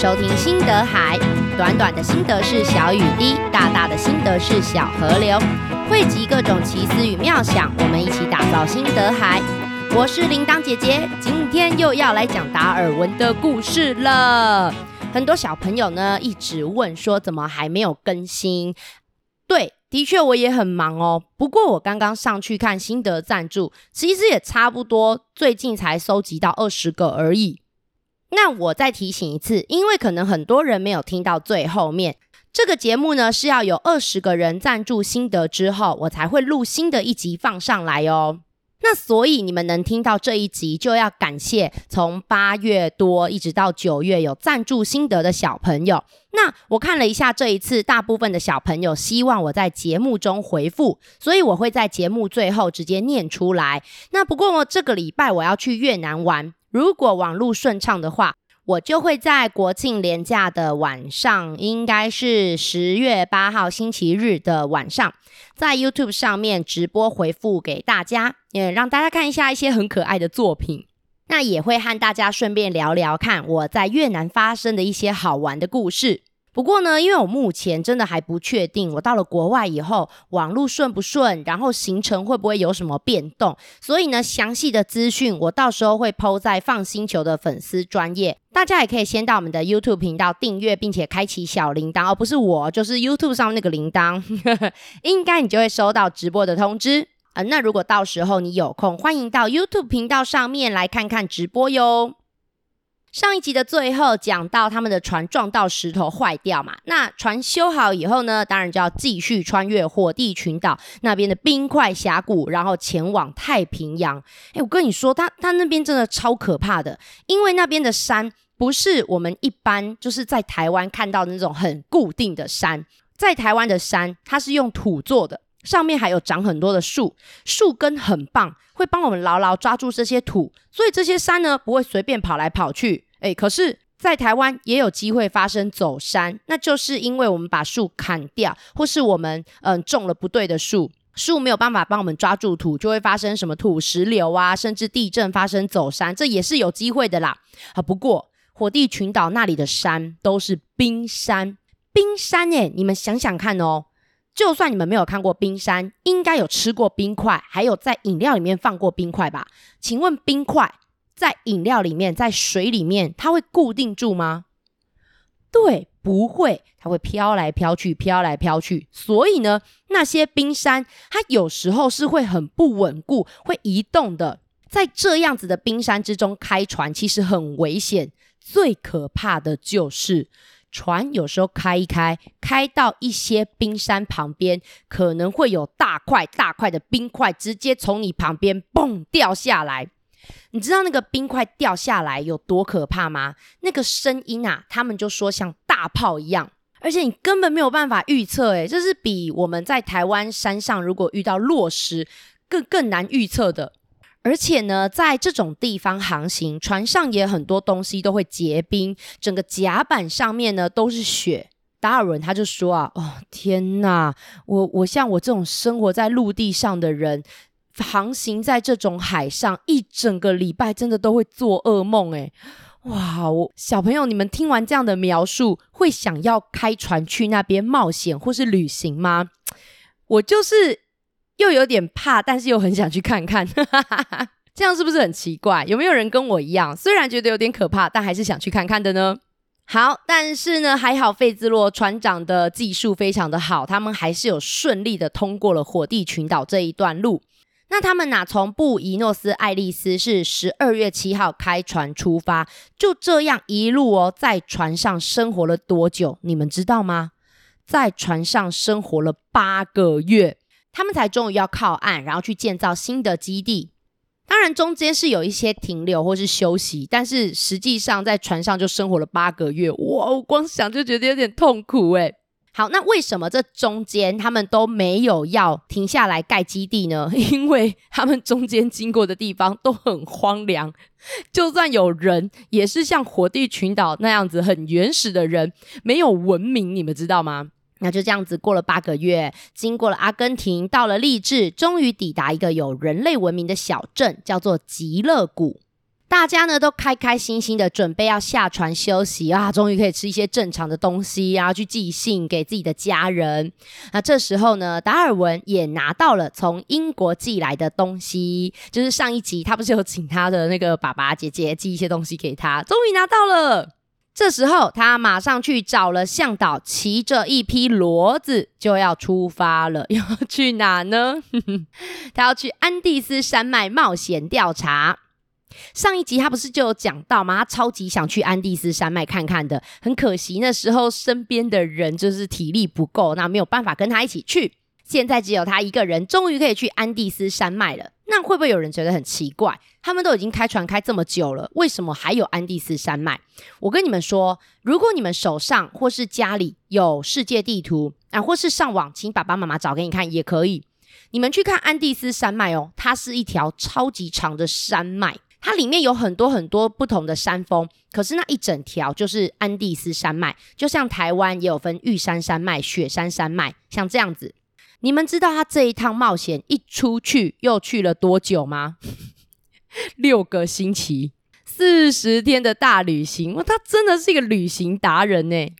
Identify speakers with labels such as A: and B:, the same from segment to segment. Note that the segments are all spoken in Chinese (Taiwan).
A: 收聽心得海，短短的心得是小雨滴，大大的心得是小河流，匯集各種奇思與妙想，我們一起打造心得海。我是鈴鐺姐姐，今天又要來講達爾文的故事了。很多小朋友呢一直問說，怎麼還沒有更新？對，的確我也很忙哦。不過我剛剛上去看心得贊助，其實也差不多，最近才收集到二十個而已。那我再提醒一次，因為可能很多人沒有聽到最後面，這個節目呢是要有二十個人贊助心得之後，我才會錄新的一集放上來哦。那所以你們能聽到這一集，就要感謝從八月多一直到九月有贊助心得的小朋友。那我看了一下，這一次大部分的小朋友希望我在節目中回復，所以我會在節目最後直接念出來。那不過這個禮拜我要去越南玩。如果網絡順暢的話，我就會在國慶連假的晚上，應該是十月八號星期日的晚上，在 YouTube 上面直播回復給大家，也讓大家看一下一些很可愛的作品。那也會和大家順便聊聊看我在越南發生的一些好玩的故事。不過呢，因為我目前真的還不確定，我到了國外以後網路順不順，然後行程會不會有什麼變動，所以呢，詳細的資訊我到時候會 po 在 FUN 星球的粉絲專頁，大家也可以先到我們的 YouTube 頻道訂閱，並且開啟小鈴鐺，而、哦、不是我，就是 YouTube 上那個鈴鐺， 應該你就會收到直播的通知。啊、呃，那如果到時候你有空，歡迎到 YouTube 頻道上面來看看直播喲。上一集的最後講到他們的船撞到石頭壞掉嘛，那船修好以後呢，當然就要繼續穿越火地群島那邊的冰塊峽谷，然後前往太平洋。哎，我跟你說，它、它那邊真的超可怕的，因為那邊的山不是我們一般就是在台灣看到的那種很固定的山，在台灣的山它是用土做的。上面還有長很多的樹，樹根很棒，會幫我們牢牢抓住這些土，所以這些山呢，不會隨便跑來跑去。哎，可是，在台灣也有機會發生走山，那就是因為我們把樹砍掉，或是我們嗯種了不對的樹，樹沒有辦法幫我們抓住土，就會發生什麼土石流啊，甚至地震發生走山，這也是有機會的啦。好，不過火地群島那裡的山都是冰山，冰山誒，你們想想看哦。就算你們沒有看過冰山，應該有吃過冰塊，還有在飲料裡面放過冰塊吧？請問冰塊在飲料裡面，在水裡面，它會固定住嗎？對，不會，它會飄來飄去，飄來飄去。所以呢，那些冰山，它有時候是會很不穩固，會移動的。在這樣子的冰山之中開船，其實很危險。最可怕的就是。船有時候開一開，開到一些冰山旁邊，可能會有大塊大塊的冰塊直接從你旁邊蹦掉下來。你知道那個冰塊掉下來有多可怕嗎？那個聲音啊，他們就說像大炮一樣，而且你根本沒有辦法預測。誒，這是比我們在台灣山上如果遇到落石更更難預測的。而且呢，在這種地方航行，船上也很多東西都會結冰，整個甲板上面呢都是雪。達爾文他就說啊，哦天哪，我我像我這種生活在陸地上的人，航行在這種海上一整個禮拜，真的都會做噩夢誒、欸。哇，我小朋友，你們聽完這樣的描述，會想要開船去那邊冒險或是旅行嗎？我就是。又有點怕，但是又很想去看看， 這樣是不是很奇怪？有沒有人跟我一樣，雖然覺得有點可怕，但還是想去看看的呢？好，但是呢，還好費茲羅船長的技術非常的好，他們還是有順利的通過了火地群島這一段路。那他們哪從布宜諾斯艾利斯是十二月七號開船出發，就這樣一路哦，在船上生活了多久？你們知道嗎？在船上生活了八個月。他們才終於要靠岸，然後去建造新的基地。當然，中間是有一些停留或是休息，但是實際上在船上就生活了八個月。哇，我光想就覺得有點痛苦哎。好，那為什麼這中間他們都沒有要停下來蓋基地呢？因為他們中間經過的地方都很荒涼，就算有人，也是像火地群島那樣子很原始的人，沒有文明，你們知道嗎？那就這樣子過了八個月，經過了阿根廷，到了智利，終於抵達一個有人類文明的小鎮，叫做極樂谷。大家呢都開開心心的，準備要下船休息啊，終於可以吃一些正常的東西，啊，然後去寄信給自己的家人。那這時候呢，達爾文也拿到了從英國寄來的東西，就是上一集他不是有請他的那個爸爸姐姐寄一些東西給他，終於拿到了。這時候，他馬上去找了向導，騎着一匹騾子就要出發了。要去哪呢？ 他要去安第斯山脈冒險調查。上一集他不是就有講到嗎？他超級想去安第斯山脈看看的。很可惜，那時候身邊的人就是體力不夠，那沒有辦法跟他一起去。現在只有他一個人，終於可以去安第斯山脈了。那會不會有人覺得很奇怪？他們都已經開船開這麼久了，為什麼還有安第斯山脈？我跟你們說，如果你們手上或是家裡有世界地圖啊，或是上網，請爸爸媽媽找給你看也可以。你們去看安第斯山脈哦，它是一條超級長的山脈，它裡面有很多很多不同的山峰。可是那一整條就是安第斯山脈，就像台灣也有分玉山山脈、雪山山脈，像這樣子。你們知道他這一趟冒險一出去又去了多久嗎？ 六個星期，四十天的大旅行哇，他真的是一個旅行達人呢。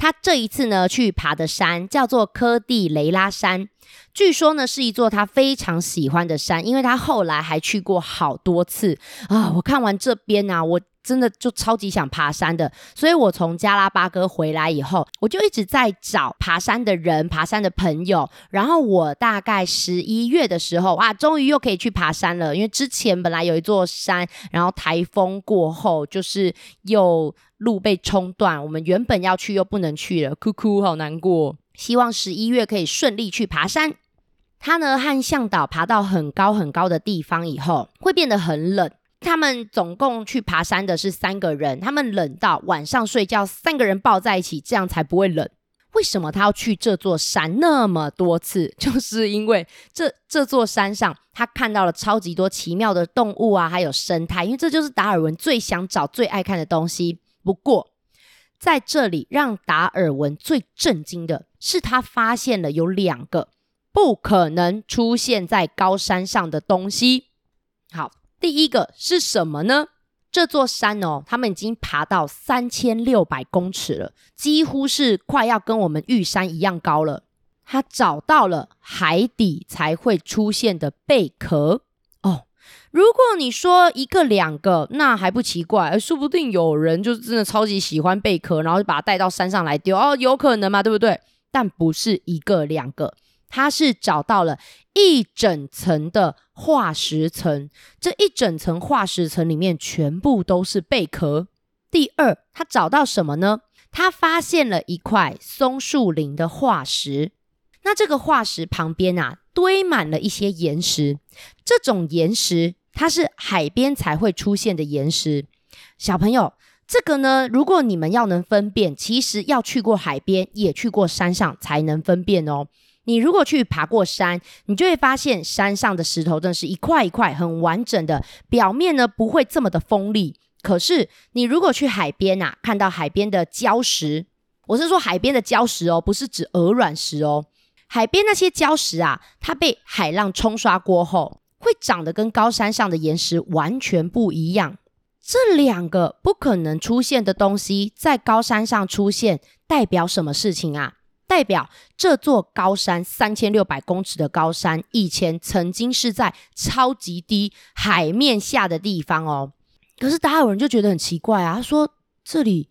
A: 他這一次呢去爬的山叫做科蒂雷拉山，據說呢是一座他非常喜歡的山，因為他後來還去過好多次啊。我看完這邊啊，我真的就超級想爬山的，所以我從加拉巴哥回來以後，我就一直在找爬山的人、爬山的朋友。然後我大概十一月的時候，啊，終於又可以去爬山了，因為之前本來有一座山，然後颱風過後就是又。路被沖斷，我們原本要去又不能去了，哭哭好難過。希望十一月可以順利去爬山。他呢和嚮導爬到很高很高的地方以後，會變得很冷。他們總共去爬山的是三個人，他們冷到晚上睡覺，三個人抱在一起，這樣才不會冷。為什麼他要去這座山那麼多次？就是因為這這座山上，他看到了超級多奇妙的動物啊，還有生態，因為這就是達爾文最想找、最愛看的東西。不過，在這裡讓達爾文最震驚的是，他發現了有兩個不可能出現在高山上的東西。好，第一個是什麼呢？這座山哦，他們已經爬到三千六百公尺了，幾乎是快要跟我們玉山一樣高了。他找到了海底才會出現的貝殼。如果你說一個兩個，那還不奇怪，說不定有人就真的超級喜歡貝殼，然後就把它帶到山上來丟，哦，有可能嘛啊，對不對？但不是一個兩個，他是找到了一整層的化石層，這一整層化石層裡面全部都是貝殼。第二，他找到什麼呢？他發現了一塊松樹林的化石，那這個化石旁邊啊，堆滿了一些岩石，這種岩石。它是海邊才會出現的岩石，小朋友，這個呢，如果你們要能分辨，其實要去過海邊，也去過山上才能分辨哦。你如果去爬過山，你就會發現山上的石頭，真的是一塊一塊很完整的，表面呢不會這麼的鋒利。可是你如果去海邊啊，看到海邊的礁石，我是說海邊的礁石哦，不是指鵝卵石哦，海邊那些礁石啊，它被海浪沖刷過後。會長得跟高山上的岩石完全不一樣。這兩個不可能出現的東西在高山上出現，代表什麼事情啊？代表這座高山三千六百公尺的高山，以前曾經是在超級低海面下的地方哦。可是達爾文就覺得很奇怪啊，他說：“這裡，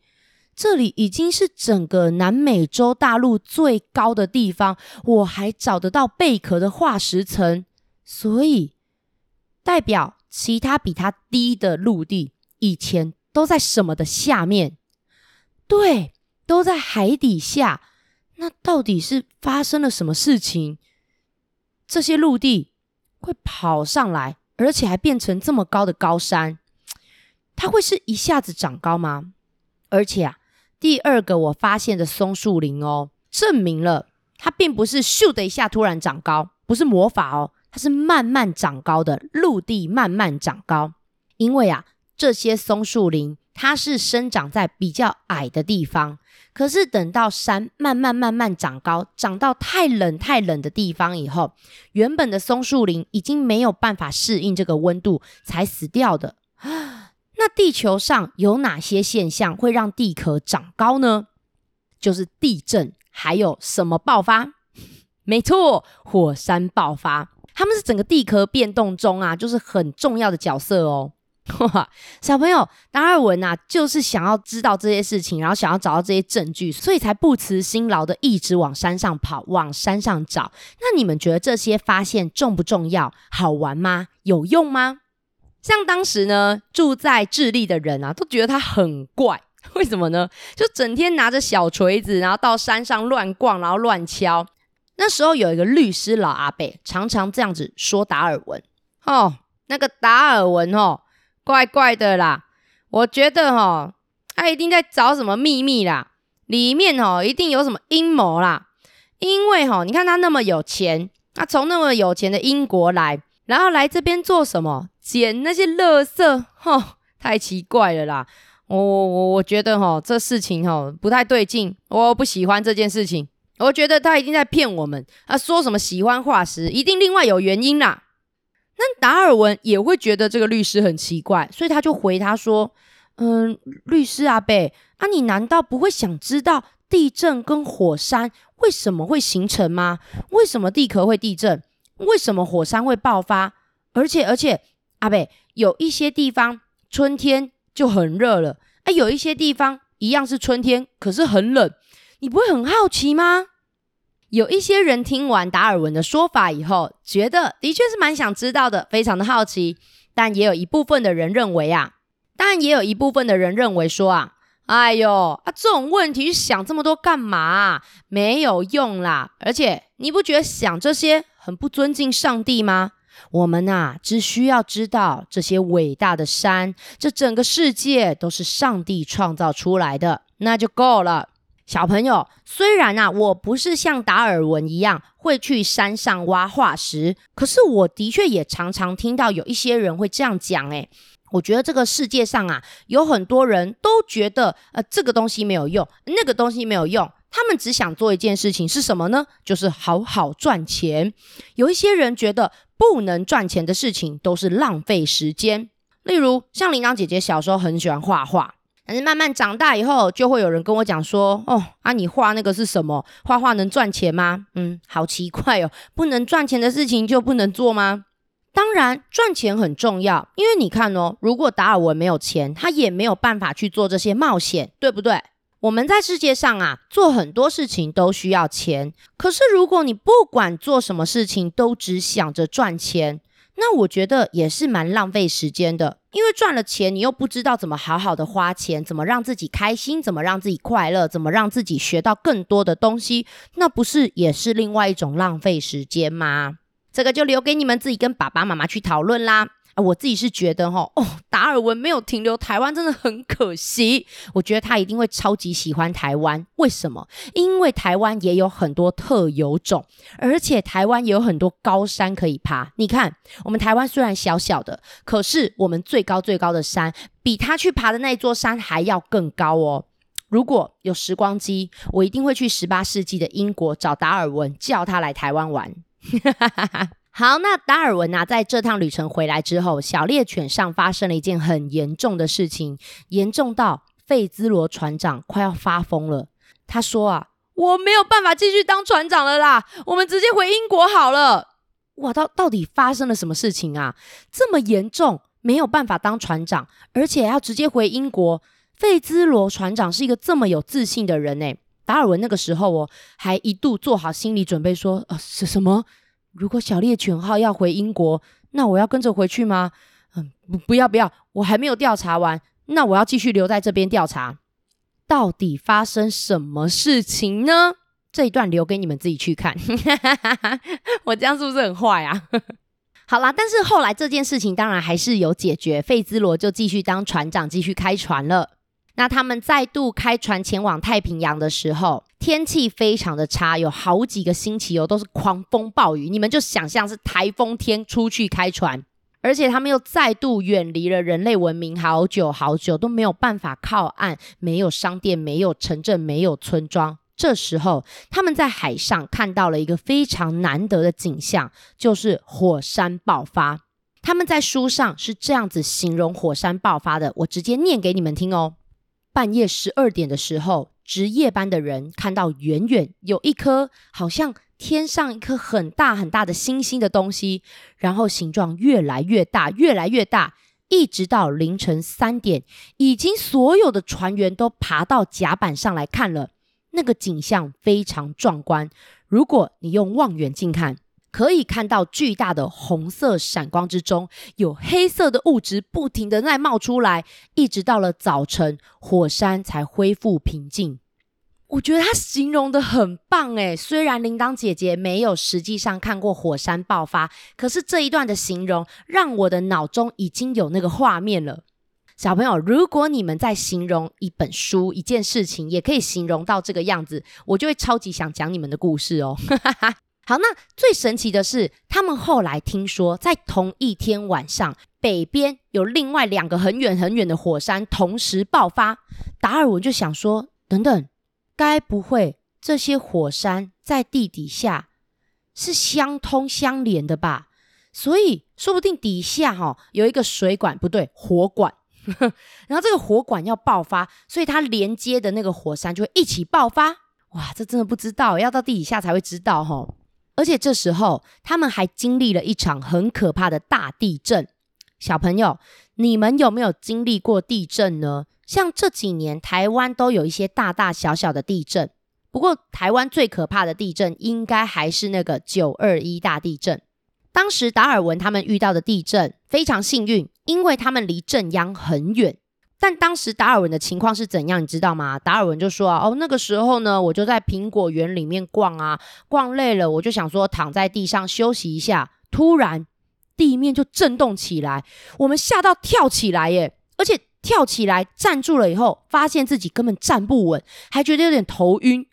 A: 這裡已經是整個南美洲大陸最高的地方，我還找得到貝殼的化石層，所以。”代表其他比它低的陸地，以前都在什麼的下面？對，都在海底下。那到底是發生了什麼事情？這些陸地會跑上來，而且還變成這麼高的高山？它會是一下子長高嗎？而且啊，第二個我發現的松樹林哦，證明了它並不是咻的一下突然長高，不是魔法哦。它是慢慢長高的，陸地慢慢長高，因為啊，這些松樹林它是生長在比較矮的地方，可是等到山慢慢慢慢長高，長到太冷太冷的地方以後，原本的松樹林已經沒有辦法適應這個溫度，才死掉的。啊，那地球上有哪些現象會讓地殼長高呢？就是地震，還有什麼爆發？沒錯，火山爆發。他們是整個地殼變動中啊，就是很重要的角色哦。哇，小朋友，達爾文啊，就是想要知道這些事情，然後想要找到這些證據，所以才不辭辛勞的一直往山上跑，往山上找。那你們覺得這些發現重不重要？好玩嗎？有用嗎？像當時呢，住在智利的人啊，都覺得他很怪。為什麼呢？就整天拿着小錘子，然後到山上亂逛，然後亂敲。那時候有一個律師老阿伯，常常這樣子說達爾文哦，那個達爾文哦，怪怪的啦。我覺得哈、哦，他一定在找什麼秘密啦，裡面哦一定有什麼陰謀啦。因為哈、哦，你看他那麼有錢，他從那麼有錢的英國來，然後來這邊做什麼？撿那些垃圾？哈、哦，太奇怪了啦。我我我覺得哈、哦，這事情哈、哦，不太對勁，我不喜歡這件事情。我覺得他一定在騙我們，他、啊、說什麼喜歡化石，一定另外有原因啦。那達爾文也會覺得這個律師很奇怪，所以他就回他說：“嗯，律師阿伯，啊，你難道不會想知道地震跟火山為什麼會形成嗎？為什麼地殼會地震？為什麼火山會爆發？而且，而且，阿伯，有一些地方春天就很熱了，啊，有一些地方一樣是春天，可是很冷。”你不會很好奇嗎？有一些人聽完達爾文的說法以後，覺得的確是蠻想知道的，非常的好奇。但也有一部分的人認為啊，但也有一部分的人認為說啊，哎呦啊，這種問題想這麼多幹嘛啊？沒有用啦！而且你不覺得想這些很不尊敬上帝嗎？我們啊，只需要知道這些偉大的山，這整個世界都是上帝創造出來的，那就夠了。小朋友，雖然啊，我不是像達爾文一樣會去山上挖化石，可是我的確也常常聽到有一些人會這樣講，哎，我覺得這個世界上啊，有很多人都覺得，呃，這個東西沒有用，那個東西沒有用，他們只想做一件事情是什麼呢？就是好好賺錢。有一些人覺得不能賺錢的事情都是浪費時間，例如像鈴鐺姐姐小時候很喜歡畫畫。但是慢慢長大以後，就會有人跟我講說：“哦啊，你畫那個是什麼？畫畫能賺錢嗎？”嗯，好奇怪哦，不能賺錢的事情就不能做嗎？當然，賺錢很重要，因為你看哦，如果達爾文沒有錢，他也沒有辦法去做這些冒險，對不對？我們在世界上啊，做很多事情都需要錢。可是如果你不管做什麼事情都只想着賺錢，那我覺得也是蠻浪費時間的。因為賺了錢，你又不知道怎麼好好的花錢，怎麼讓自己開心，怎麼讓自己快樂，怎麼讓自己學到更多的東西，那不是也是另外一種浪費時間嗎？這個就留給你們自己跟爸爸媽媽去討論啦。啊，我自己是覺得吼哦，達爾文沒有停留台灣真的很可惜。我覺得他一定會超級喜歡台灣，為什麼？因為台灣也有很多特有種，而且台灣也有很多高山可以爬。你看，我們台灣雖然小小的，可是我們最高最高的山比他去爬的那一座山還要更高哦。如果有時光機，我一定會去十八世紀的英國找達爾文，叫他來台灣玩。哈哈哈哈。好，那達爾文呢？在這趟旅程回來之後，小獵犬上發生了一件很嚴重的事情，嚴重到費茲羅船長快要發瘋了。他說：“啊，我沒有辦法繼續當船長了啦，我們直接回英國好了。”哇，到到底發生了什麼事情啊？這麼嚴重，沒有辦法當船長，而且要直接回英國。費茲羅船長是一個這麼有自信的人呢。達爾文那個時候哦，還一度做好心理準備說：“啊，是什麼？”如果小獵犬號要回英國，那我要跟着回去嗎？嗯，不，不要，不要，我還沒有調查完。那我要繼續留在這邊調查，到底發生什麼事情呢？這一段留給你們自己去看。哈哈哈，我這樣是不是很壞啊？ 好啦，但是後來這件事情當然還是有解決，費茲羅就繼續當船長，繼續開船了。那他們再度開船前往太平洋的時候，天氣非常的差，有好幾個星期哦，都是狂風暴雨。你們就想象是台風天出去開船，而且他們又再度遠離了人類文明，好，好久好久都沒有辦法靠岸，沒有商店，沒有城鎮，沒有村莊。這時候他們在海上看到了一個非常難得的景象，就是火山爆發。他們在書上是這樣子形容火山爆發的，我直接念給你們聽哦。半夜十二點的時候，值夜班的人看到遠遠有一顆好像天上一顆很大很大的星星的東西，然後形狀越來越大，越來越大，一直到凌晨三點，已經所有的船員都爬到甲板上來看了，那個景象非常壯觀。如果你用望遠鏡看。可以看到巨大的紅色閃光之中，有黑色的物質不停地在冒出來，一直到了早晨，火山才恢復平靜。我覺得它形容得很棒耶，雖然鈴鐺姐姐沒有實際上看過火山爆發，可是這一段的形容讓我的腦中已經有那個畫面了。小朋友，如果你們在形容一本書、一件事情，也可以形容到這個樣子，我就會超級想講你們的故事哦。 好，那最神奇的是，他們後來聽說，在同一天晚上，北邊有另外兩個很遠很遠的火山同時爆發。達爾文就想說，等等，該不會這些火山在地底下是相通相連的吧？所以說不定底下齁有一個水管，不對，火管呵呵。然後這個火管要爆發，所以它連接的那個火山就會一起爆發。哇，這真的不知道，要到地底下才會知道齁。而且這時候，他們還經歷了一場很可怕的大地震。小朋友，你們有沒有經歷過地震呢？像這幾年，台灣都有一些大大小小的地震。不過，台灣最可怕的地震應該還是那個九二一大地震。當時達爾文他們遇到的地震非常幸運，因為他們離震央很遠。但當時達爾文的情況是怎樣，你知道嗎？達爾文就說、啊：“哦，那個時候呢，我就在蘋果園裡面逛啊，逛累了，我就想說躺在地上休息一下。突然地面就震動起來，我們嚇到跳起來耶！而且跳起來站住了以後，發現自己根本站不穩，還覺得有點頭暈，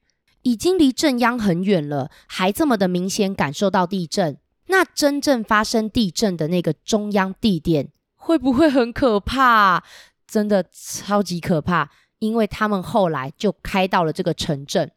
A: 已經離震央很遠了，還這麼的明顯感受到地震。那真正發生地震的那個中央地點，會不會很可怕、啊？”真的超級可怕，因為他們後來就開到了這個城鎮。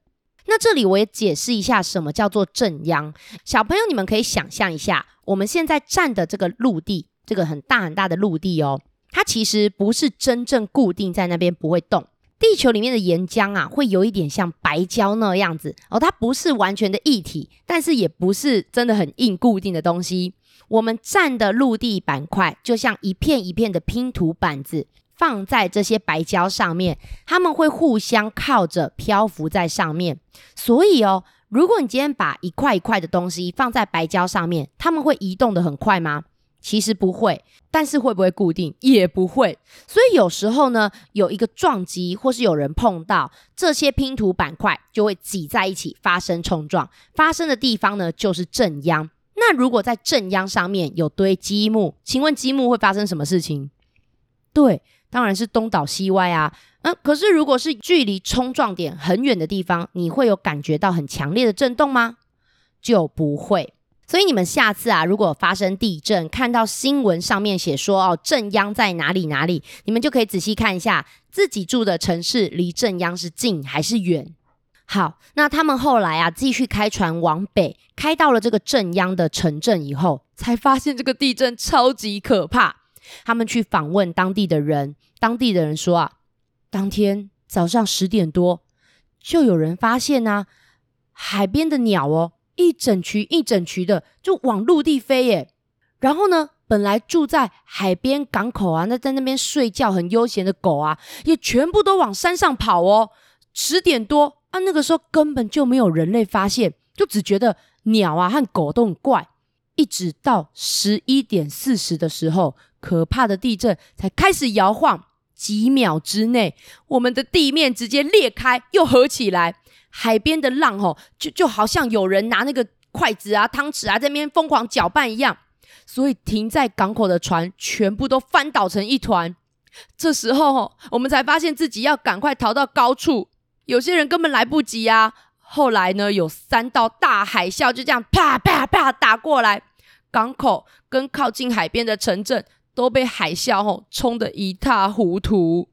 A: 那這裡我也解釋一下，什麼叫做震央。小朋友，你們可以想象一下，我們現在站的這個陸地，這個很大很大的陸地哦，它其實不是真正固定在那邊不會動。地球裡面的岩漿啊，會有一點像白膠那樣子哦，它不是完全的液體，但是也不是真的很硬固定的東西。我們站的陸地板塊，就像一片一片的拼圖板子。放在這些白膠上面，他們會互相靠着漂浮在上面。所以哦，如果你今天把一塊一塊的東西放在白膠上面，他們會移動得很快嗎？其實不會。但是會不會固定？也不會。所以有時候呢，有一個撞擊，或是有人碰到這些拼圖板塊，就會擠在一起發生衝撞。發生的地方呢，就是震央。那如果在震央上面有堆積木，請問積木會發生什麼事情？對。當然是東倒西歪啊！嗯，可是如果是距離衝撞點很遠的地方，你會有感覺到很強烈的震動嗎？就不會。所以你們下次啊，如果發生地震，看到新聞上面寫說哦，震央在哪裡哪裡，你們就可以仔細看一下自己住的城市離震央是近還是遠。好，那他們後來啊，繼續開船往北，開到了這個震央的城鎮以後，才發現這個地震超級可怕。他們去訪問當地的人，當地的人說啊，當天早上十點多，就有人發現啊，海邊的鳥哦，一整群一整群的就往陸地飛耶。然後呢，本來住在海邊港口啊，那在那邊睡覺很悠閒的狗啊，也全部都往山上跑哦。十點多啊，那個時候根本就沒有人類發現，就只覺得鳥啊和狗都很怪。一直到十一點四十的時候。可怕的地震才開始搖晃，幾秒之內，我們的地面直接裂開又合起來，海邊的浪吼，就就好像有人拿那個筷子啊、湯匙啊，在那邊瘋狂攪拌一樣。所以停在港口的船全部都翻倒成一團。這時候吼，我們才發現自己要趕快逃到高處，有些人根本來不及呀。後來呢，有三道大海嘯就這樣啪啪啪打過來，港口跟靠近海邊的城鎮。都被海嘯吼、哦、衝得一塌糊塗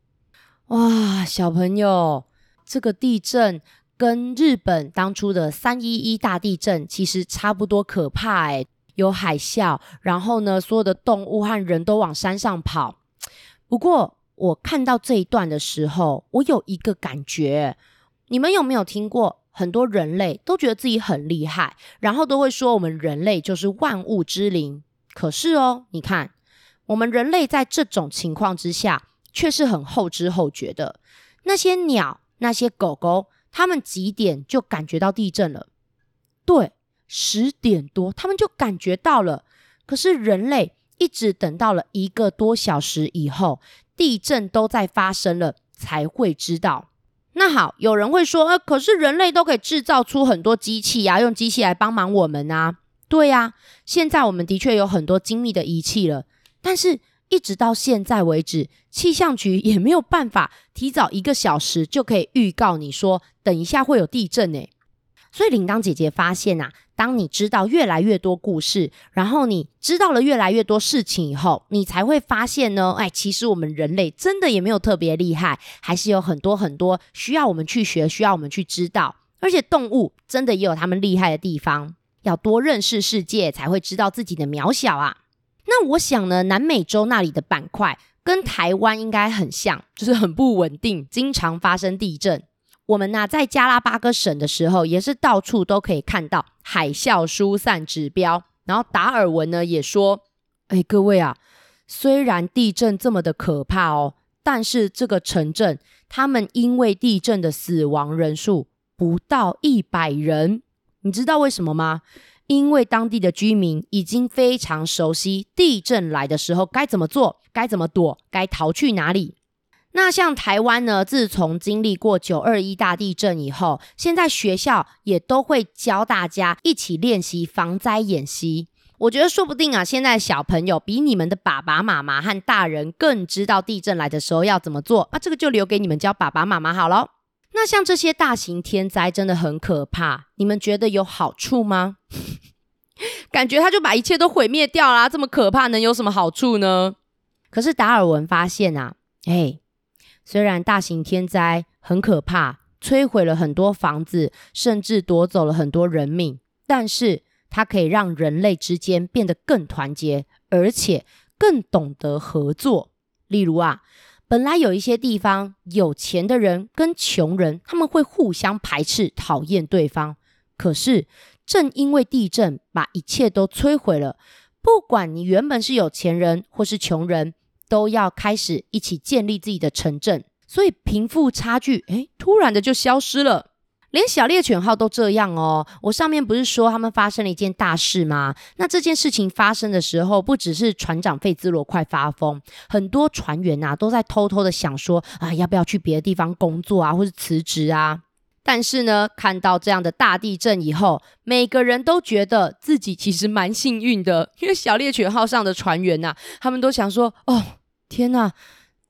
A: 哇！小朋友，這個地震跟日本當初的三一一大地震其實差不多可怕哎、欸，有海嘯，然後呢，所有的動物和人都往山上跑。不過我看到這一段的時候，我有一個感覺：你們有沒有聽過很多人類都覺得自己很厲害，然後都會說我們人類就是萬物之靈？可是哦，你看。我們人類在這種情況之下，卻是很後知後覺的。那些鳥、那些狗狗，它們幾點就感覺到地震了？對，十點多，他們就感覺到了。可是人類一直等到了一個多小時以後，地震都在發生了，才會知道。那好，有人會說：“呃，可是人類都可以制造出很多機器呀、啊，用機器來幫忙我們啊？”對呀、啊，現在我們的確有很多精密的儀器了。但是，一直到現在為止，氣象局也沒有辦法提早一個小時就可以預告你說等一下會有地震耶。所以鈴鐺姐姐發現啊，當你知道越來越多故事，然後你知道了越來越多事情以後，你才會發現呢。哎，其實我們人類真的也沒有特別厲害，還是有很多很多需要我們去學，需要我們去知道。而且動物真的也有他們厲害的地方，要多認識世界，才會知道自己的渺小啊。那我想呢，南美洲那裡的板塊跟台灣應該很像，就是很不穩定，經常發生地震。我們呢、啊、在加拉巴哥省的時候，也是到處都可以看到海嘯疏散指標。然後達爾文呢也說：“哎、欸，各位啊，雖然地震這麼的可怕哦，但是這個城鎮他們因為地震的死亡人數不到一百人，你知道為什麼嗎？”因為當地的居民已經非常熟悉地震來的時候該怎麼做、該怎麼躲、該逃去哪裡。那像台灣呢，自從經歷過九二一大地震以後，現在學校也都會教大家一起練習防災演習。我覺得說不定啊，現在小朋友比你們的爸爸媽媽和大人更知道地震來的時候要怎麼做。那這個就留給你們教爸爸媽媽好了。那像這些大型天災真的很可怕，你們覺得有好處嗎？ 感覺他就把一切都毀滅掉了啊，這麼可怕，能有什麼好處呢？可是達爾文發現啊，哎，雖然大型天災很可怕，摧毀了很多房子，甚至奪走了很多人命，但是它可以讓人類之間變得更團結，而且更懂得合作。例如啊。本來有一些地方有錢的人跟窮人，他們會互相排斥、討厭對方。可是正因為地震把一切都摧毀了，不管你原本是有錢人或是窮人，都要開始一起建立自己的城鎮，所以貧富差距，哎，突然的就消失了。連小獵犬號都這樣哦！我上面不是說他們發生了一件大事嗎？那這件事情發生的時候，不只是船長費茲羅快發瘋，很多船員啊都在偷偷的想說：啊，要不要去別的地方工作啊，或是辭職啊？但是呢，看到這樣的大地震以後，每個人都覺得自己其實蠻幸運的，因為小獵犬號上的船員啊，他們都想說：哦，天哪，啊！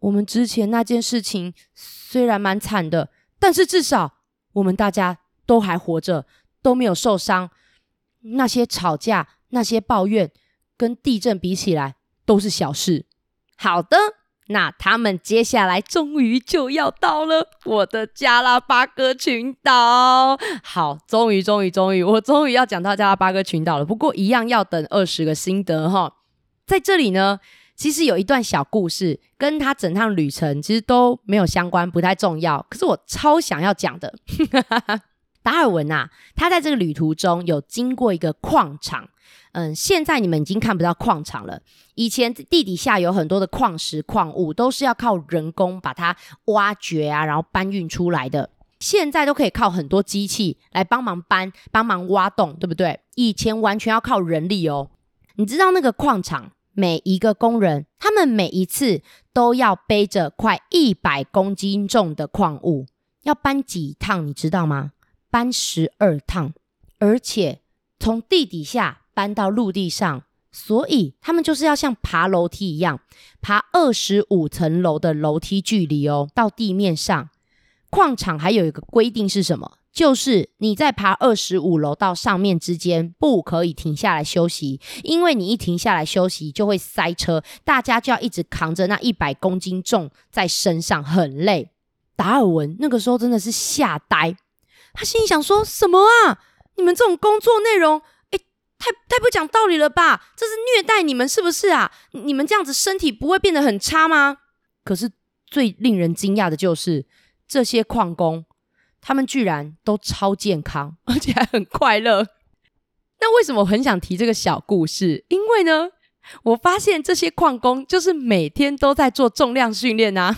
A: 我們之前那件事情雖然蠻慘的，但是至少……我們大家都還活着，都沒有受傷。那些吵架、那些抱怨，跟地震比起來都是小事。好的，那他們接下來終於就要到了我的加拉巴哥群島。好，終於，終於，終於，我終於要講到加拉巴哥群島了。不過一樣要等二十個心得哈。在這裡呢。其實有一段小故事，跟他整趟旅程其實都沒有相關，不太重要。可是我超想要講的。 達爾文啊，他在這個旅途中有經過一個礦場。嗯，現在你們已經看不到礦場了。以前地底下有很多的礦石、礦物，都是要靠人工把它挖掘啊，然後搬運出來的。現在都可以靠很多機器來幫忙搬、幫忙挖洞，對不對？以前完全要靠人力哦。你知道那個礦場？每一個工人，他們每一次都要背着快一百公斤重的礦物，要搬幾趟，你知道嗎？搬十二趟，而且從地底下搬到陸地上，所以他們就是要像爬樓梯一樣，爬二十五層樓的樓梯距離哦，到地面上。礦場還有一個規定是什麼？就是你在爬二十五樓到上面之間不可以停下來休息，因為你一停下來休息就會塞車，大家就要一直扛着那一百公斤重在身上，很累。達爾文那個時候真的是嚇呆，他心裡想說什麼啊？你們這種工作內容，誒，欸，太太不講道理了吧？這是虐待你們是不是啊？你們這樣子身體不會變得很差嗎？可是最令人驚訝的就是這些礦工。他們居然都超健康，而且還很快樂。那為什麼我很想提這個小故事？因為呢，我發現這些礦工就是每天都在做重量訓練啊。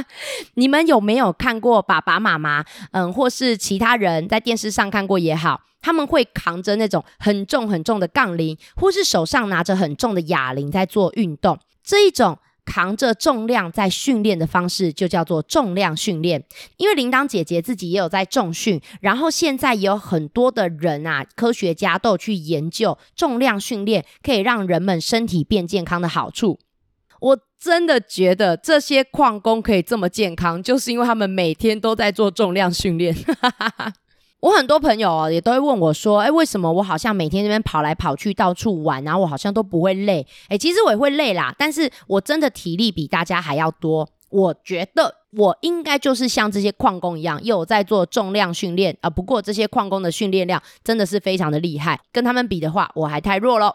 A: 你們有沒有看過爸爸媽媽，嗯，或是其他人在電視上看過也好，他們會扛着那種很重很重的槓鈴，或是手上拿着很重的啞鈴在做運動。這一種。扛着重量在訓練的方式就叫做重量訓練，因為鈴鐺姐姐自己也有在重訓，然後現在也有很多的人啊，科學家都去研究重量訓練可以讓人們身體變健康的好處。我真的覺得這些礦工可以這麼健康，就是因為他們每天都在做重量訓練。 我很多朋友哦，也都會問我說：“誒，為什麼我好像每天這邊跑來跑去，到處玩啊，然後我好像都不會累？”誒，其實我也會累啦，但是我真的體力比大家還要多。我覺得我應該就是像這些礦工一樣，又有在做重量訓練啊，呃。不過這些礦工的訓練量真的是非常的厲害，跟他們比的話，我還太弱嘍。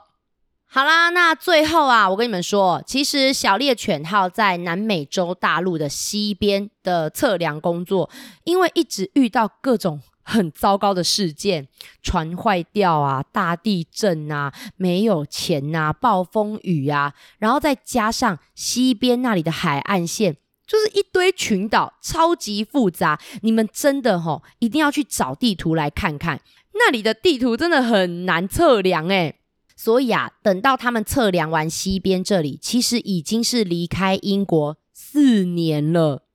A: 好啦，那最後啊，我跟你們說，其實小獵犬號在南美洲大陸的西邊的測量工作，因為一直遇到各種。很糟糕的事件，船壞掉啊，大地震啊，沒有錢呐，暴風雨啊，然後再加上西邊那裡的海岸線就是一堆群島，超級複雜。你們真的吼，一定要去找地圖來看看，那裡的地圖真的很難測量誒，所以啊，等到他們測量完西邊這裡，其實已經是離開英國四年了。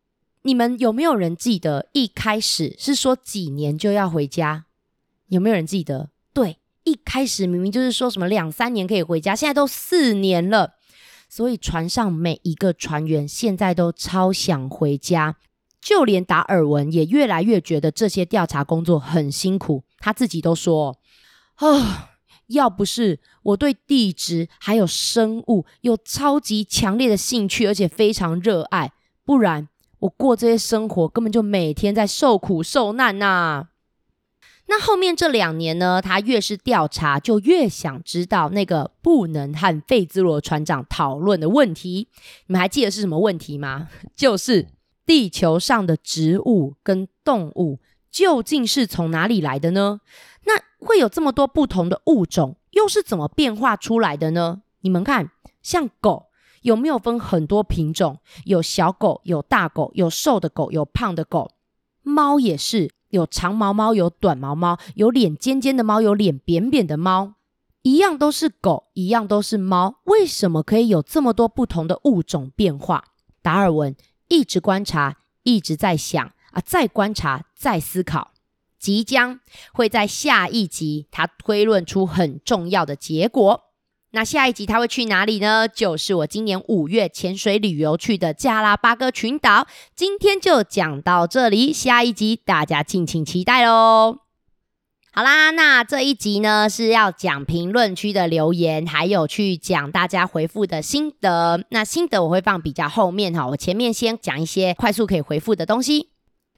A: 你們有沒有人記得一開始是說幾年就要回家？有沒有人記得？對，一開始明明就是說什麼兩三年可以回家，現在都四年了。所以船上每一個船員現在都超想回家，就連達爾文也越來越覺得這些調查工作很辛苦。他自己都說：“啊、哦，要不是我對地質還有生物有超級強烈的興趣，而且非常熱愛，不然。”我過這些生活，根本就每天在受苦受難吶啊！那後面這兩年呢，他越是調查，就越想知道那個不能和費茲羅船長討論的問題。你們還記得是什麼問題嗎？就是地球上的植物跟動物究竟是從哪裡來的呢？那會有這麼多不同的物種，又是怎麼變化出來的呢？你們看，像狗。有沒有分很多品種？有小狗，有大狗，有瘦的狗，有胖的狗。貓也是，有長毛貓，有短毛貓，有臉尖尖的貓，有臉扁扁的貓。一樣都是狗，一樣都是貓，為什麼可以有這麼多不同的物種變化？達爾文一直觀察，一直在想，啊，再觀察，再思考。即將會在下一集，他推論出很重要的結果。那下一集他會去哪裡呢？就是我今年五月潛水旅遊去的加拉巴哥群島。今天就講到這裡，下一集大家敬請期待嘍。好啦，那這一集呢，是要講評論區的留言，還有去講大家回復的心得。那心得我會放比較後面哈，我前面先講一些快速可以回復的東西。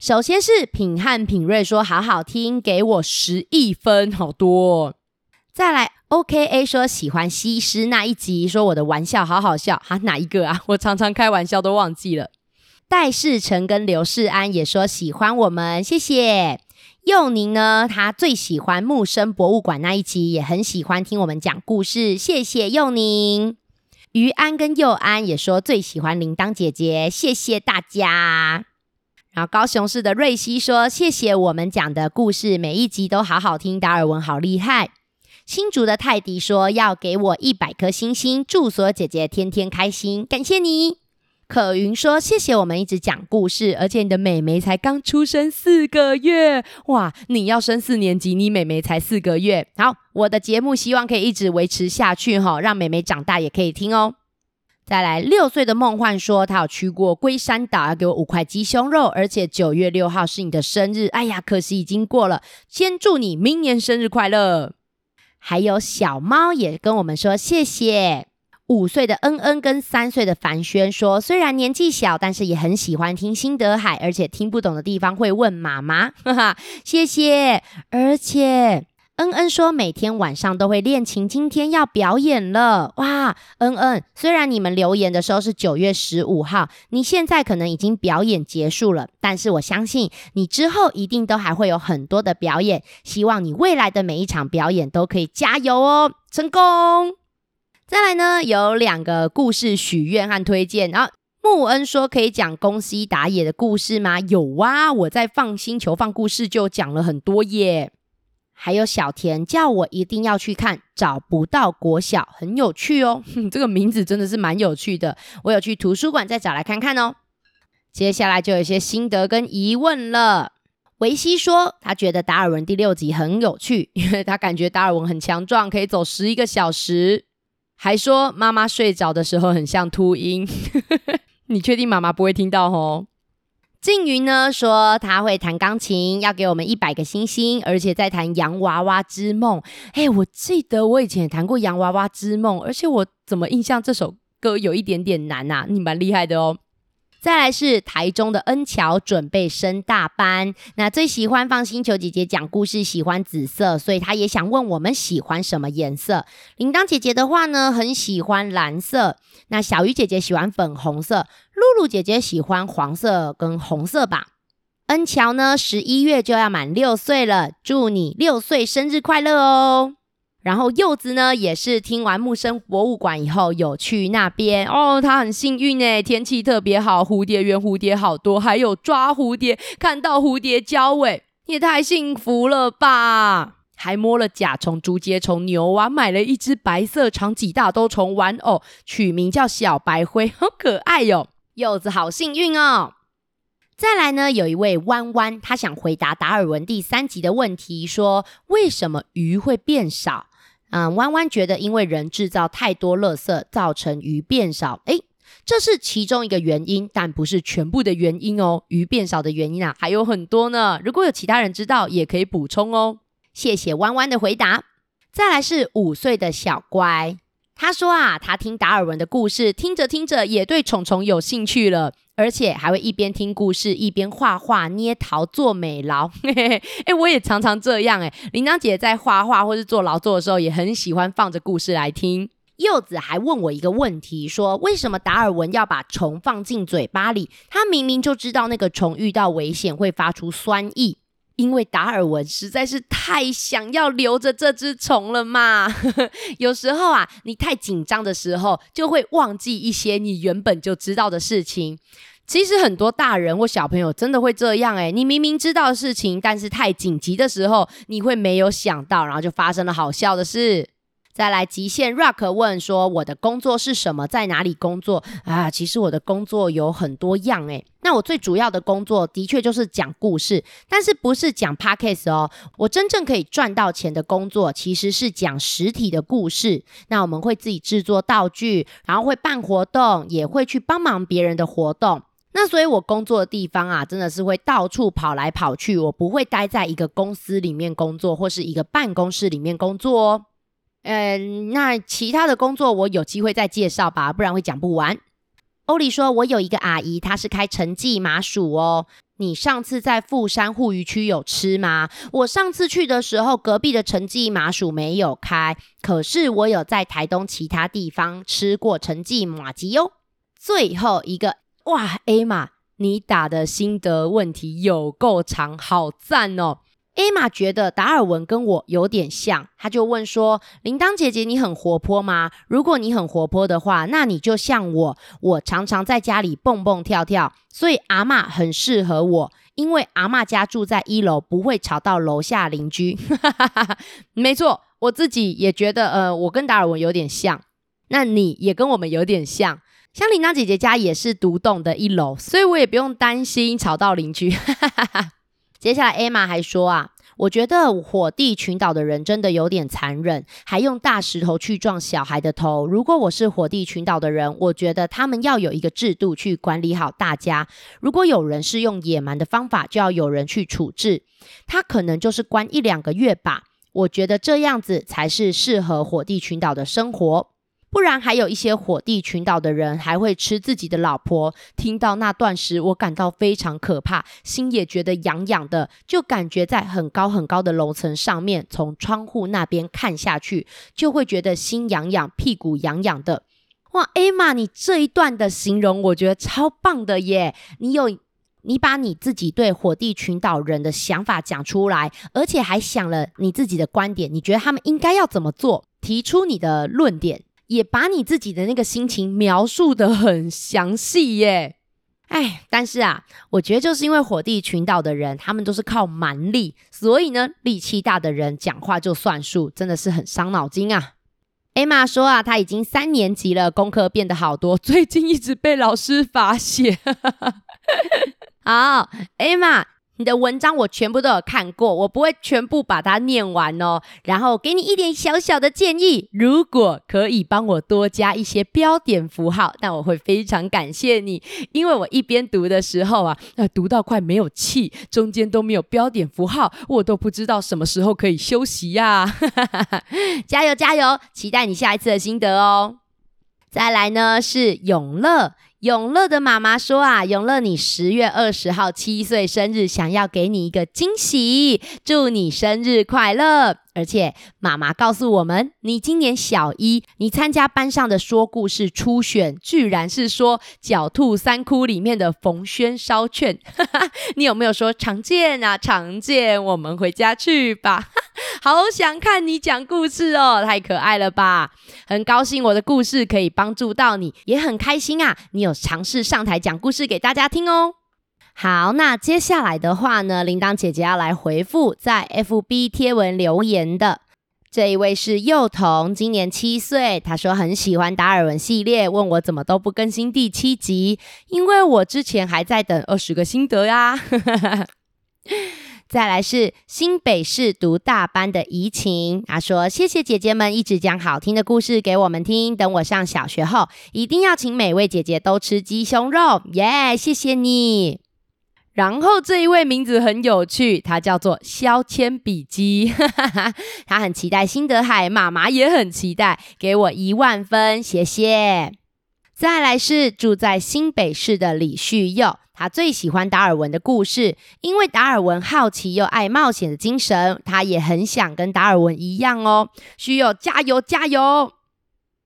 A: 首先是品漢品瑞說好好聽，給我十億分，好多。再來，OKA 說喜歡西施那一集，說我的玩笑好好笑。哈、啊，哪一個啊？我常常開玩笑都忘記了。戴世成跟劉世安也說喜歡我們，謝謝。佑寧呢，他最喜歡木生博物館那一集，也很喜歡聽我們講故事，謝謝佑寧。於安跟佑安也說最喜歡鈴鐺姐姐，謝謝大家。然後高雄市的瑞希說，謝謝我們講的故事，每一集都好好聽，達爾文好厲害。新竹的泰迪說：“要給我一百顆星星，祝所有姐姐天天開心。”感謝你。可云說：“謝謝我們一直講故事，而且你的妹妹才剛出生四個月，哇！你要升四年級，你妹妹才四個月。好，我的節目希望可以一直維持下去哈，讓妹妹長大也可以聽哦。”再來，六歲的夢幻說：“他有去過龜山島，要給我五塊雞胸肉，而且九月六號是你的生日。哎呀，可惜已經過了，先祝你明年生日快樂。”還有小貓也跟我們說謝謝。五歲的恩恩跟三歲的凡軒說，雖然年紀小，但是也很喜歡聽《心得海》，而且聽不懂的地方會問媽媽。 謝謝，而且。恩恩說，每天晚上都會練琴，今天要表演了哇！恩恩，雖然你們留言的時候是九月十五號，你現在可能已經表演結束了，但是我相信你之後一定都還會有很多的表演。希望你未來的每一場表演都可以加油哦，成功！再來呢，有兩個故事許願和推薦。然後穆恩說，可以講宮西達也的故事嗎？有啊，我在 FUN 星球放故事，就講了很多耶。還有小田叫我一定要去看，找不到國小很有趣哦。嗯，這個名字真的是蠻有趣的，我有去圖書館再找來看看哦。接下來就有些心得跟疑問了。維西說他覺得達爾文第六集很有趣，因為他感覺達爾文很強壯，可以走十一個小時。還說媽媽睡着的時候很像禿鷹。 你確定媽媽不會聽到哦？靜雲呢？說他會彈鋼琴，要給我們一百個星星，而且在彈《洋娃娃之夢》。哎，我記得我以前也彈過《洋娃娃之夢》，而且我怎麼印象這首歌有一點點難啊？你蠻厲害的哦。再來是台中的恩喬，準備升大班，那最喜歡 FUN 星球姐姐講故事，喜歡紫色，所以她也想問我們喜歡什麼顏色。鈴鐺姐姐的話呢，很喜歡藍色。那小魚姐姐喜歡粉紅色，露露姐姐喜歡黃色跟紅色吧。恩喬呢，十一月就要滿六歲了，祝你六歲生日快樂哦。然後柚子呢，也是聽完木生博物館以後，有去那邊哦。他很幸運哎，天氣特別好，蝴蝶園蝴，蝴蝶好多，還有抓蝴蝶，看到蝴蝶交尾，也太幸福了吧！還摸了甲蟲、竹節蟲、牛蛙、啊，買了一只白色長戟大兜蟲玩偶，取名叫小白灰，好可愛喲、哦。柚子好幸運哦。再來呢，有一位彎彎，他想回答達爾文第三集的問題，說為什麼魚會變少？嗯，彎彎覺得，因為人製造太多垃圾，造成魚變少。誒，這是其中一個原因，但不是全部的原因哦。魚變少的原因啊，還有很多呢。如果有其他人知道，也可以補充哦。謝謝彎彎的回答。再來是五歲的小乖。他說啊，他聽達爾文的故事，聽着聽着也對蟲蟲有興趣了，而且還會一邊聽故事一邊畫畫、捏陶、做美勞。誒、 欸、我也常常這樣誒。鈴鐺姐在畫畫或是做勞作的時候，也很喜歡放着故事來聽。柚子還問我一個問題，說為什麼達爾文要把蟲放進嘴巴裡？他明明就知道那個蟲遇到危險會發出酸液。因為達爾文實在是太想要留着這隻蟲了嘛。 有時候啊，你太緊張的時候，就會忘記一些你原本就知道的事情。其實很多大人或小朋友真的會這樣誒、欸，你明明知道的事情，但是太緊急的時候，你會沒有想到，然後就發生了好笑的事。再來極限 Rock 問說：“我的工作是什麼？在哪裡工作啊？”其實我的工作有很多樣誒、欸，那我最主要的工作的確就是講故事，但是不是講 Podcast 哦。我真正可以賺到錢的工作其實是講實體的故事。那我們會自己製作道具，然後會辦活動，也會去幫忙別人的活動。那所以我工作的地方啊，真的是會到處跑來跑去，我不會待在一個公司裡面工作，或是一個辦公室裡面工作哦。嗯，那其他的工作我有機會再介紹吧，不然會講不完。歐里說，我有一個阿姨，她是開陳記麻糬哦。你上次在富山護漁區有吃嗎？我上次去的時候，隔壁的陳記麻糬沒有開，可是我有在台東其他地方吃過陳記麻糬哦。最後一個哇，Emma，你打的心得問題有夠長，好讚哦。艾瑪覺得達爾文跟我有點像，他就問說：“鈴鐺姐姐，你很活潑嗎？如果你很活潑的話，那你就像我。我常常在家裡蹦蹦跳跳，所以阿嬤很適合我，因為阿嬤家住在一樓，不會吵到樓下鄰居。 ”沒錯，我自己也覺得，呃，我跟達爾文有點像，那你也跟我們有點像，像鈴鐺姐姐家也是獨棟的一樓，所以我也不用擔心吵到鄰居。 接下來，Emma 還說啊，我覺得火地群島的人真的有點殘忍，還用大石頭去撞小孩的頭。如果我是火地群島的人，我覺得他們要有一個制度去管理好大家。如果有人是用野蠻的方法，就要有人去處置。他可能就是關一兩個月吧。我覺得這樣子才是適合火地群島的生活。不然還有一些火地群島的人還會吃自己的老婆。聽到那段時，我感到非常可怕，心也覺得癢癢的，就感覺在很高很高的樓層上面，從窗戶那邊看下去，就會覺得心癢癢、屁股癢癢的。哇，艾瑪，你這一段的形容，我覺得超棒的耶！你有你把你自己對火地群島人的想法講出來，而且還想了你自己的觀點，你覺得他們應該要怎麼做？提出你的論點。也把你自己的那個心情描述的很詳細耶，哎，但是啊，我覺得就是因為火地群島的人，他們都是靠蠻力，所以呢，力氣大的人講話就算數，真的是很傷腦筋啊。Emma 說啊，她已經三年級了，功課變得好多，最近一直被老師罰寫。 好，Emma。你的文章我全部都有看過，我不會全部把它念完哦。然後給你一點小小的建議，如果可以幫我多加一些標點符號，那我會非常感謝你。因為我一邊讀的時候啊，那讀到快沒有氣，中間都沒有標點符號，我都不知道什麼時候可以休息呀、啊。 加油加油，期待你下一次的心得哦。再來呢是永樂。永樂的媽媽說啊，永樂，你十月二十號七歲生日，想要給你一個驚喜，祝你生日快樂！而且媽媽告訴我們，你今年小一，你參加班上的說故事初選，居然是說《狡兔三窟》裡面的馮諼燒券，哈哈，你有沒有說常見啊？常見，我們回家去吧。好想看你講故事哦，太可愛了吧！很高興我的故事可以幫助到你，也很開心啊！你有嘗試上台講故事給大家聽哦。好，那接下來的話呢，鈴鐺姐姐要來回復在 FB 貼文留言的這一位是幼童，今年七歲，他說很喜歡達爾文系列，問我怎麼都不更新第七集，因為我之前還在等二十個心得呀、啊。 再來是新北市讀大班的怡晴，她說謝謝姐姐們一直講好聽的故事給我們聽，等我上小學後，一定要請每位姐姐都吃雞胸肉，耶，yeah，謝謝你。然後這一位名字很有趣，他叫做削鉛筆雞，哈哈哈哈，他很期待新德海，媽媽也很期待，給我一萬分，謝謝。再來是住在新北市的李旭佑，他最喜歡達爾文的故事，因為達爾文好奇又愛冒險的精神，他也很想跟達爾文一樣哦。旭佑加油加油！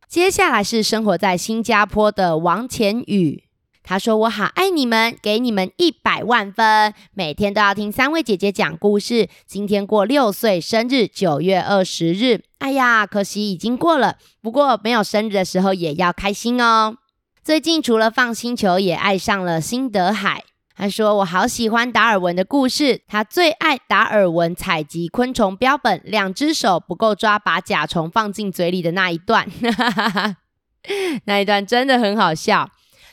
A: 接下來是生活在新加坡的王乾宇，他說：“我好愛你們，給你們一百萬分，每天都要聽三位姐姐講故事。今天過六歲生日，九月二十日。哎呀，可惜已經過了，不過沒有生日的時候也要開心哦。”最近除了 FUN 星球，也愛上了新德海。他說：“我好喜歡達爾文的故事，他最愛達爾文採集昆蟲標本，兩隻手不夠抓，把甲蟲放進嘴裡的那一段， 那一段真的很好笑。”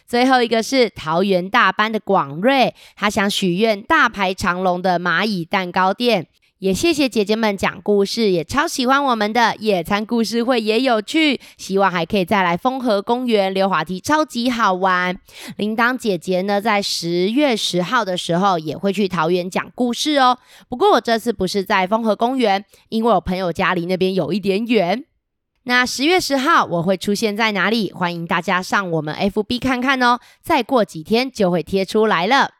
A: 最後一個是桃園大班的廣瑞，他想許願大排長龍的螞蟻蛋糕店。也謝謝姐姐們講故事，也超喜歡我們的野餐故事會，也有趣。希望還可以再來豐和公園溜滑梯，超級好玩。鈴鐺姐姐呢，在十月十號的時候也會去桃園講故事哦。不過我這次不是在豐和公園，因為我朋友家離那邊有一點遠。那十月十號我會出現在哪裡？歡迎大家上我們 FB 看看哦。再過幾天就會貼出來了。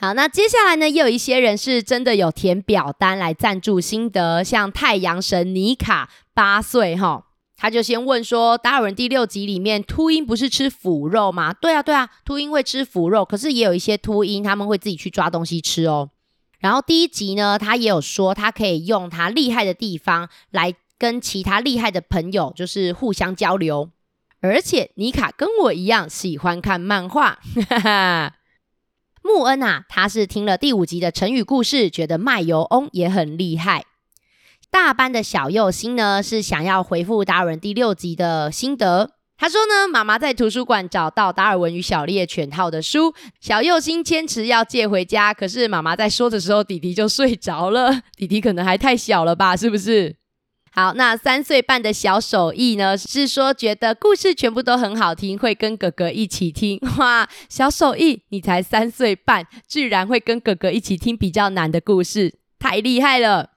A: 好，那接下來呢，也有一些人是真的有填表單來贊助心得，像太陽神尼卡八歲吼，他就先問說，《達爾文》第六集裡面禿鷹不是吃腐肉嗎？對啊，對啊，禿鷹會吃腐肉，可是也有一些禿鷹他們會自己去抓東西吃哦。然後第一集呢，他也有說他可以用他厲害的地方來跟其他厲害的朋友就是互相交流，而且尼卡跟我一樣喜歡看漫畫。呵呵穆恩啊，他是聽了第五集的成語故事，覺得賣油翁也很厲害。大班的小幼星呢，是想要回復達爾文第六集的心得。他說呢，媽媽在圖書館找到達爾文與小獵犬號全套的書，小幼星堅持要借回家，可是媽媽在說的時候，弟弟就睡着了。弟弟可能還太小了吧，是不是？好，那三歲半的小手藝呢，是說覺得故事全部都很好聽，會跟哥哥一起聽。哇，小手藝，你才三歲半，居然會跟哥哥一起聽比較難的故事，太厲害了！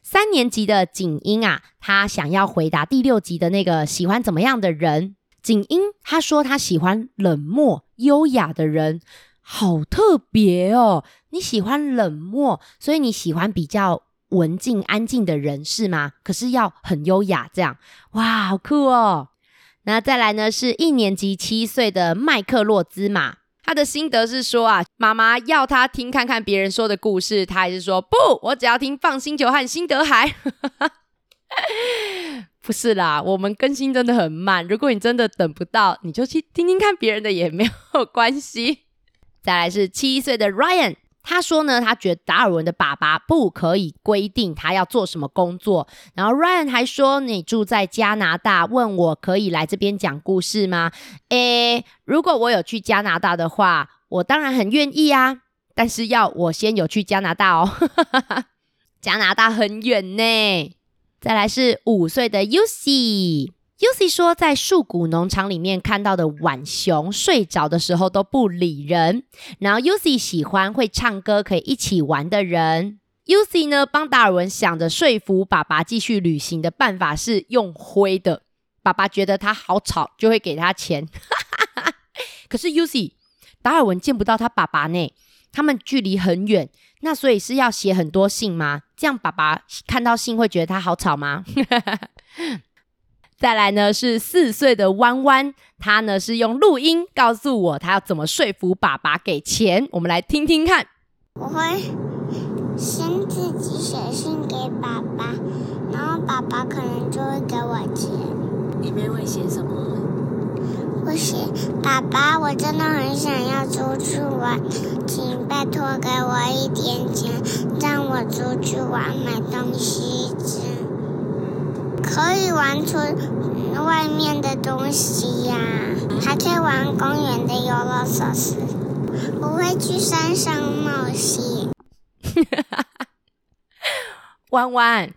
A: 三年級的錦英啊，他想要回答第六集的那個喜歡怎麼樣的人。錦英他說他喜歡冷漠優雅的人，好特別哦。你喜歡冷漠，所以你喜歡比較。文靜安靜的人是嗎？可是要很優雅這樣，哇，好酷哦！那再來呢？是一年級七歲的麥克洛茲瑪，他的心得是說啊，媽媽要他聽看看別人說的故事，他還是說不，我只要聽放星球和新德海。 不是啦，我們更新真的很慢，如果你真的等不到，你就去聽聽看別人的也沒有關係。再來是七歲的 Ryan。他說呢，他覺得達爾文的爸爸不可以規定他要做什麼工作。然後 Ryan 還說：“你住在加拿大，問我可以來這邊講故事嗎？”誒、欸、如果我有去加拿大的話，我當然很願意啊。但是要我先有去加拿大哦， 加拿大很遠呢。再來是五歲的 u c i Uzi 說，在樹谷農場裡面看到的浣熊睡着的時候都不理人。然後 Uzi 喜歡會唱歌、可以一起玩的人。Uzi 呢，幫達爾文想着說服爸爸繼續旅行的辦法是用灰的。爸爸覺得他好吵，就會給他錢。 可是 Uzi 達爾文見不到他爸爸呢，他們距離很遠，那所以是要寫很多信嗎？這樣爸爸看到信會覺得他好吵嗎？ 再來呢，是四歲的彎彎，他呢，是用錄音告訴我他要怎麼說服爸爸給錢，我們來聽聽看。我會先自己寫信給爸爸，然後爸爸可能就會給我錢。裡面會寫什麼？會寫爸爸，我真的很想要出去玩，請拜托給我一點錢，讓我出去玩買東西吃。可以玩出外面的東西呀。啊，還可以玩公園的遊樂設施，我會去山上冒險。哈哈哈哈哈，彎彎，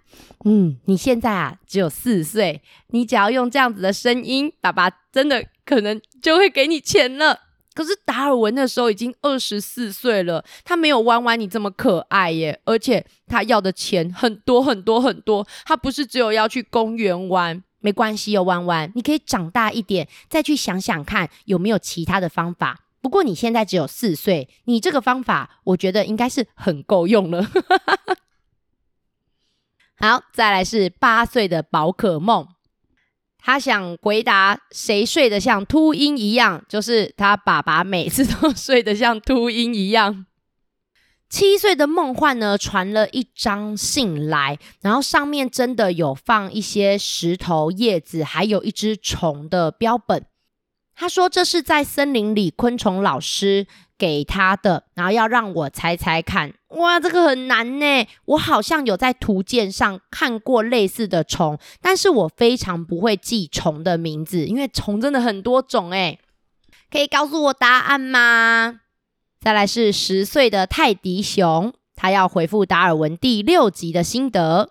A: 嗯，你現在啊只有四歲，你只要用這樣子的聲音，爸爸真的可能就會給你錢了。可是達爾文那時候已經二十四歲了，他沒有彎彎你這麼可愛耶，而且他要的錢很多很多很多，他不是只有要去公園玩，沒關係哦，彎彎，你可以長大一點，再去想想看有沒有其他的方法。不過你現在只有四歲，你這個方法我覺得應該是很夠用了。 好，再來是八歲的寶可夢。他想回答誰睡得像禿鷹一樣，就是他爸爸每次都睡得像禿鷹一樣。七歲的夢幻呢，傳了一張信來，然後上面真的有放一些石頭、葉子，還有一只蟲的標本。他說這是在森林裡昆蟲老師。給他的，然後要讓我猜猜看。哇，這個很難耶。我好像有在圖鑑上看過類似的蟲，但是我非常不會記蟲的名字，因為蟲真的很多種耶。可以告訴我答案嗎？再來是十歲的泰迪熊，他要回復達爾文第六集的心得。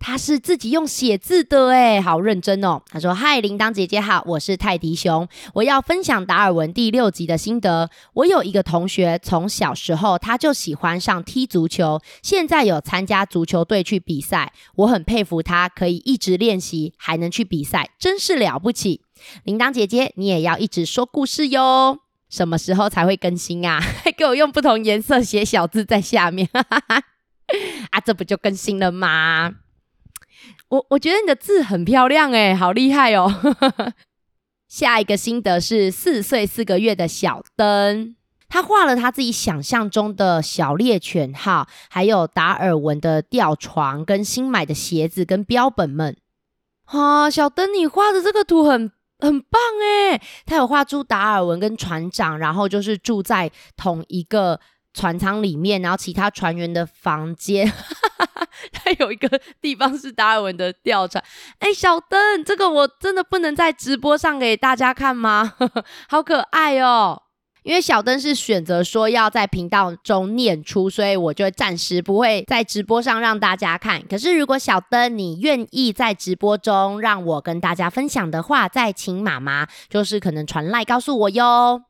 A: 他是自己用寫字的哎，好認真哦。他說：“嗨，鈴鐺姐姐好，我是泰迪熊，我要分享《達爾文》第六集的心得。我有一個同學，從小時候他就喜歡上踢足球，現在有參加足球隊去比賽。我很佩服他，可以一直練習還能去比賽，真是了不起。鈴鐺姐姐，你也要一直說故事喲。什麼時候才會更新啊？ 給我用不同顏色寫小字在下面， 啊，這不就更新了嗎？”我我覺得你的字很漂亮哎、欸，好厲害哦、喔！ 下一個心得是四歲四個月的小燈，他畫了他自己想象中的小獵犬號哈，還有達爾文的吊床跟新買的鞋子跟標本們。哈、啊，小燈你畫的這個圖很很棒哎、欸，他有畫出達爾文跟船長，然後就是住在同一個。船艙裡面，然後其他船員的房間，它 有一個地方是達爾文的吊床。哎，小燈，這個我真的不能在直播上給大家看嗎？ 好可愛哦！因為小燈是選擇說要在頻道中念出，所以我就暫時不會在直播上讓大家看。可是如果小燈你願意在直播中讓我跟大家分享的話，再請媽媽就是可能傳賴、like、告訴我喲。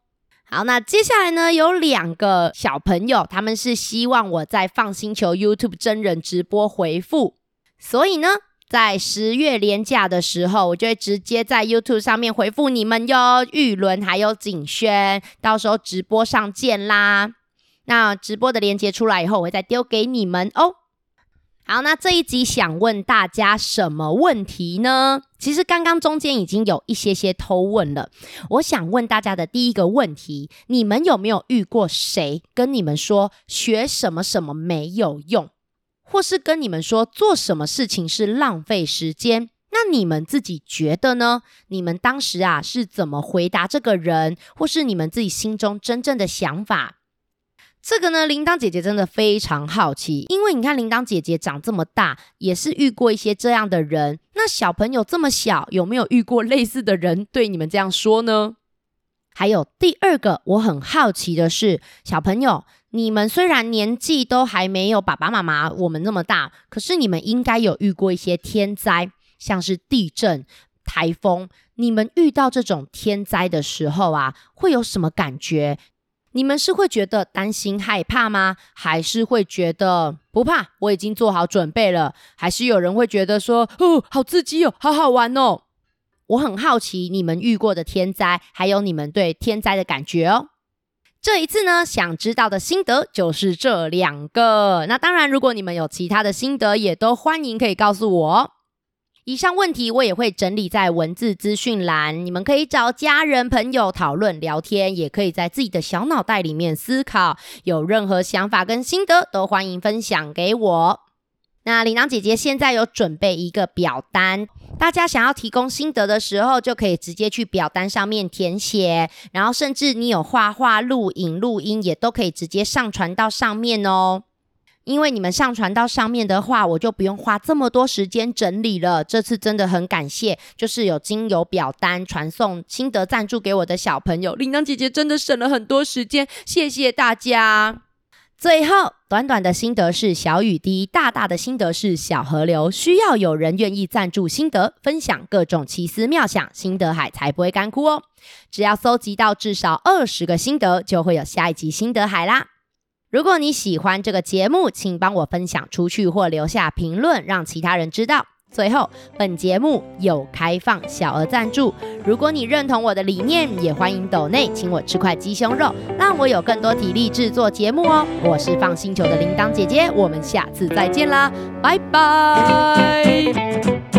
A: 好，那接下來呢，有兩個小朋友，他們是希望我在放星球 YouTube 真人直播回復，所以呢，在十月連假的時候，我就會直接在 YouTube 上面回復你們喲。玉倫還有景軒，到時候直播上見啦。那直播的鏈接出來以後，我會再丟給你們哦。好，那這一集想問大家什麼問題呢？其實剛剛中間已經有一些些偷問了。我想問大家的第一個問題：你們有沒有遇過誰跟你們說學什麼什麼沒有用，或是跟你們說做什麼事情是浪費時間？那你們自己覺得呢？你們當時啊是怎麼回答這個人，或是你們自己心中真正的想法？這個呢，鈴鐺姐姐真的非常好奇，因為你看，鈴鐺姐姐長這麼大，也是遇過一些這樣的人。那小朋友這麼小，有沒有遇過類似的人對你們這樣說呢？還有第二個，我很好奇的是，小朋友，你們雖然年紀都還沒有爸爸媽媽我們那麼大，可是你們應該有遇過一些天災，像是地震、台風。你們遇到這種天災的時候啊，會有什麼感覺？你們是會覺得擔心害怕嗎？還是會覺得不怕？我已經做好準備了。還是有人會覺得說，哦，好刺激哦，好好玩哦。我很好奇你們遇過的天災，還有你們對天災的感覺哦。這一次呢，想知道的心得就是這兩個。那當然，如果你們有其他的心得，也都歡迎可以告訴我。以上問題我也會整理在文字資訊欄，你們可以找家人朋友討論聊天，也可以在自己的小腦袋裡面思考。有任何想法跟心得，都歡迎分享給我。那琳琅姐姐現在有準備一個表單，大家想要提供心得的時候，就可以直接去表單上面填寫。然後，甚至你有畫畫、錄影、錄音，也都可以直接上傳到上面哦。因為你們上傳到上面的話，我就不用花這麼多時間整理了。這次真的很感謝，就是有經由表單傳送心得贊助給我的小朋友，鈴鐺姐姐真的省了很多時間。謝謝大家。最後，短短的心得是小雨滴，大大的心得是小河流。需要有人願意贊助心得，分享各種奇思妙想，心得海才不會乾枯哦。只要蒐集到至少二十個心得，就會有下一集心得海啦。如果你喜歡這個節目，請幫我分享出去或留下評論，讓其他人知道。最後，本節目有開放小額贊助，如果你認同我的理念，也歡迎抖內請我吃塊雞胸肉，讓我有更多體力製作節目哦。我是放星球的鈴鐺姐姐，我們下次再見啦，拜拜。